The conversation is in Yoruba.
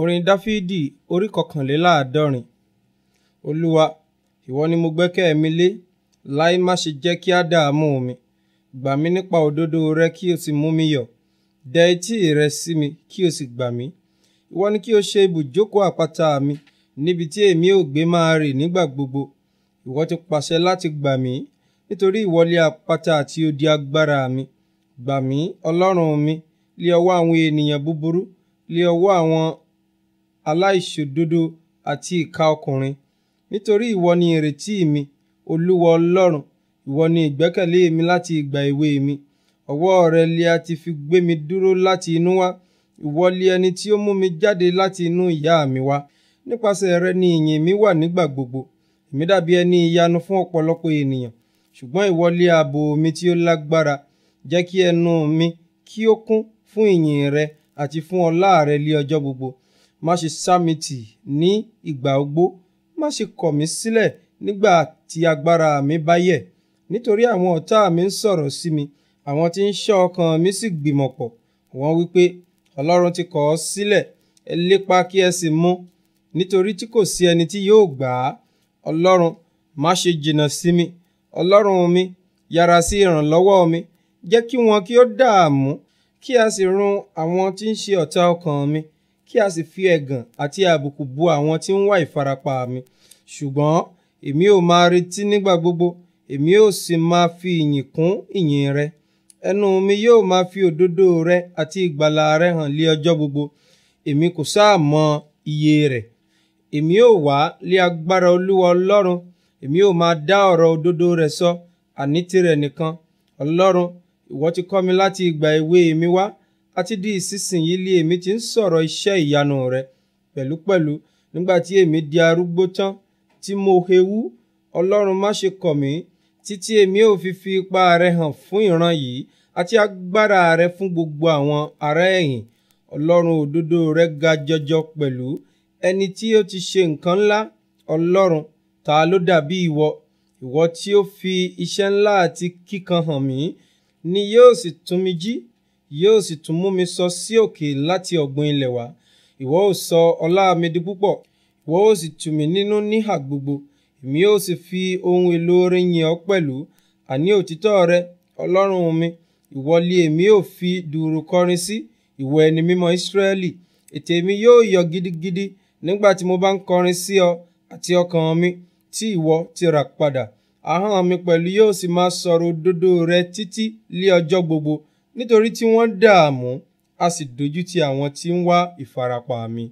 orin dáfídì orí kọkànléláàádọ́rin olúwa ìwọ ni mo gbẹ́kẹ̀ mi lé láí má ṣe jẹ́ kí á dààmú mi gbà mí nípa òdodo rẹ kí o sì mú mi yọ̀ dẹ etí rẹ sí mi kí o sì gbà mí ìwọ ni kí o ṣe ibùjókòó àpáta mi níbi tí èmi ò gbé máa rì nígbà gbogbo ìwọ ti pàṣẹ láti gbà mí nítorí ìwọ àpáta àti odi agbára mi gbà mí ọlọ́run mi lé ọwọ́ àwọn ènìyàn búburú lé ọwọ́ àwọn aláìṣòdodo àti ìkà ọkùnrin nítorí ìwọ ni ìrètí mi olúwa ọlọ́run ìwọ ni ìgbẹ́kẹ̀lé mi láti ìgbà èwe mi ọwọ́ rẹ li a ti fi gbé mi dúró láti inú wá ìwọ li ẹni tí ó mú mi jáde láti inú ìyá mi wá nípasẹ̀ rẹ ni ìyìn mi wà nígbà gbogbo èmi dàbí ẹni ìyanu fún ọ̀pọ̀lọpọ̀ ènìyàn ṣùgbọ́n ìwọ li ààbò mi tí ó lágbára jẹ́ kí ẹnu mi kí ó kún fún ìyìn rẹ àti fún ọlá rẹ li ọjọ́ gbogbo má ṣe sá mi tì ní ìgbà ogbó má ṣe kọ̀ mí sílẹ̀ nígbà tí agbára mi bá yẹ̀ nítorí àwọn ọ̀tá mi ń sọ̀rọ̀ sí mi àwọn tí ń ṣọ́ ọkàn mi sì gbìmọ̀ pọ̀ wọ́n wí pé ọlọ́run ti kọ̀ ọ́ sílẹ̀ ẹ lépa kí ẹ sì mú nítorí tí kò sí ẹni tí yóò gbà á ọlọ́run má ṣe jìnnà sí mi ọlọ́run mi yára sí ìrànlọ́wọ́ mi jẹ́ kí wọn kí ó dààmú kí a sì run àwọn tí ń ṣe ọ̀tá ọkàn mi kí a sì fi ẹ̀gàn àti àbùkù bu àwọn tí ń wá ìfarapa mi ṣùgbọ́n èmi ó máa retí nígbà gbogbo èmi ó sì máa fi ìyìn kún ìyìn rẹ ẹnu mi yóò máa fi òdodo rẹ àti ìgbàlà rẹ hàn lé ọjọ́ gbogbo èmi kò sáà mọ iye rẹ̀ èmi ó wá lé agbára olúwa ọlọ́run èmi ó máa dá ọ̀rọ̀ òdodo rẹ̀ sọ àní tirẹ̀ nìkan ọlọ́run ìwọ ti kọ́ mi láti ìgbà èwe mi wá àti di ìsinsìnyí lé èmi ti ń sọ̀rọ̀ iṣẹ́ ìyanu rẹ pẹ̀lúpẹ̀lú nígbà tí èmi di arúgbó tán tí mo hewú ọlọ́run má ṣe kọ̀ mí títí èmi ò fi fi ipa rẹ hàn fún ìran yìí àti agbára rẹ fún gbogbo àwọn ará ẹ̀yìn ọlọ́run òdodo rẹ ga jọjọ pẹ̀lú ẹni tí ó ti ṣe nǹkan ńlá ọlọ́run ta ló dàbí ìwọ ìwọ tí ó fi iṣẹ́ ńlá àti kíkan hàn mí ni yóò sì tún mi jí yóò sì tún mú mi sọ sí òkè láti ọ̀gbun ilẹ̀ wá ìwọ ó sọ ọlá mi di púpọ̀ ìwọ ó sì tù mí nínú níhà gbogbo èmi ó sì fi ohun èlò orin yìn ọ́ pẹ̀lú àní òtítọ́ rẹ ọlọ́run mi ìwọ èmi ó fi dùùrù kọrin sí ìwọ ẹni mímọ́ Ísírẹ́lì ètè mi yóò yọ̀ gidigidi nígbà tí mo bá ń kọrin sí ọ àti ọkàn mi tí ìwọ ti rà padà ahọ́n mi pẹ̀lú yóò sì máa sọ̀rọ̀ òdodo rẹ títí lé ọjọ́ gbogbo nítorí tí wọ́n dààmú a sì dojú ti àwọn tí ń wá ìfarapa mi